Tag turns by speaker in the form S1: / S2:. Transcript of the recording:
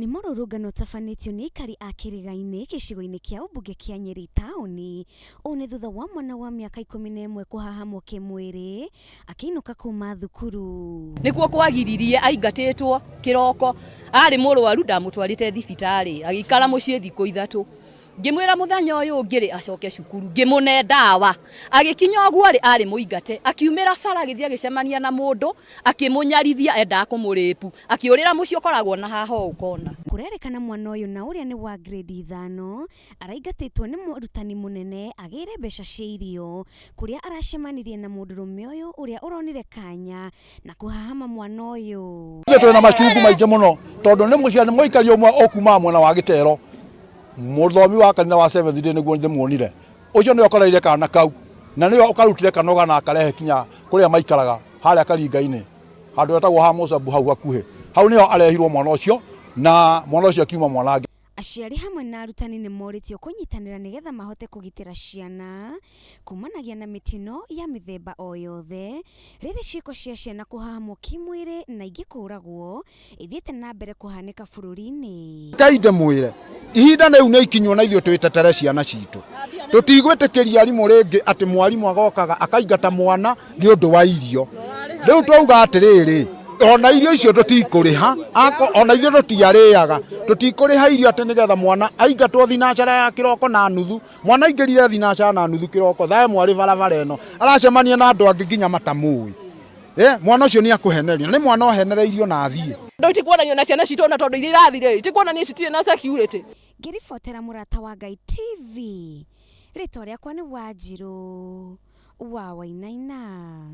S1: ni mũrũrũngano ũtabanĩtio nĩ aikari a kĩrĩga-inĩ gĩcigo-inĩ kĩa kia Nyeri taoni ũũ nĩ thutha wa mwana wa mĩaka ikũmi na ĩmwe kũhahamwo kĩmwĩrĩ akĩinũka kuma thukuru
S2: nĩkuo kwagiririe aingatĩtwo kĩroko arĩ mũrwaru ndamũtwarĩte thibitarĩ agĩikara mũciĩ thikũ ithatũ ngimwira muthenya uyu ngiri acoke cukuru ngimune ndawa agikinya oguo ri ari muingate akiumira bara githia gicemania na mundu akimunyarithia enda kumuripu akiurira mucio koragwo na haho ukona
S1: kurerekana mwana uyu na uria ni wa grade ithano araingatitwo ni murutani munene agire besha cia kuria aracemanirie na mundurume uyu uria uronire kanya na kuhahama mwana uyu
S3: tuli na machungu maingi muno tondu ni muciani muikari umwe ukuma mwena wa gitero muthomi wa kanitha wa seventh day niguo ndimuonire ucio ni okoreire kana kau na nio okarutire kanoga na akarehe kinya kuria maikaraga haria karingaini handu hetagwo ha mucabu hau hakuhi hau nio arehirwo mwana ucio na mwana ucio akiuma mwanangi
S1: aciari hamwe na arutani nä moritio kũnyitanĩra nĩgetha mahote kugitira ciana kumanagia na mitino ya mĩthemba o yothe rĩrĩ ciĩko cia ciana kũhahamwo kĩmwĩrĩ na ingĩ kũũragwo ithiĩte na mbere kũhanĩka bũrũri-inĩ
S3: kainde mwĩre ihinda rä u nä ikinywo na ithuä twä tetere ciana citå tå tigwä tä kä ria arimå rä ngä atä mwarimå agokaga akaingata mwana nä å ndå wa irio rä u twauga atä rä rä ona irio icio tå tikå rä ha ona irio tå tiarä aga tå tikå rä ha irio atä nä getha mwana aingatwo thinacara ya kä roko na nuthu mwana aingä rire thinacara na nuthu kä roko thae mwarä barabara ä no aracemania na andå angä nginya matamå eh, mwana å cio nä akå henerio nä mwana ohenereirio na athiä
S2: ndu itikuonania na ciana citå na tondå iria irathire itikuonania citirä na security
S1: ngiribotera murata wa ngai tv rĩtwa rĩakwa nĩ wanjirũ wa wainaina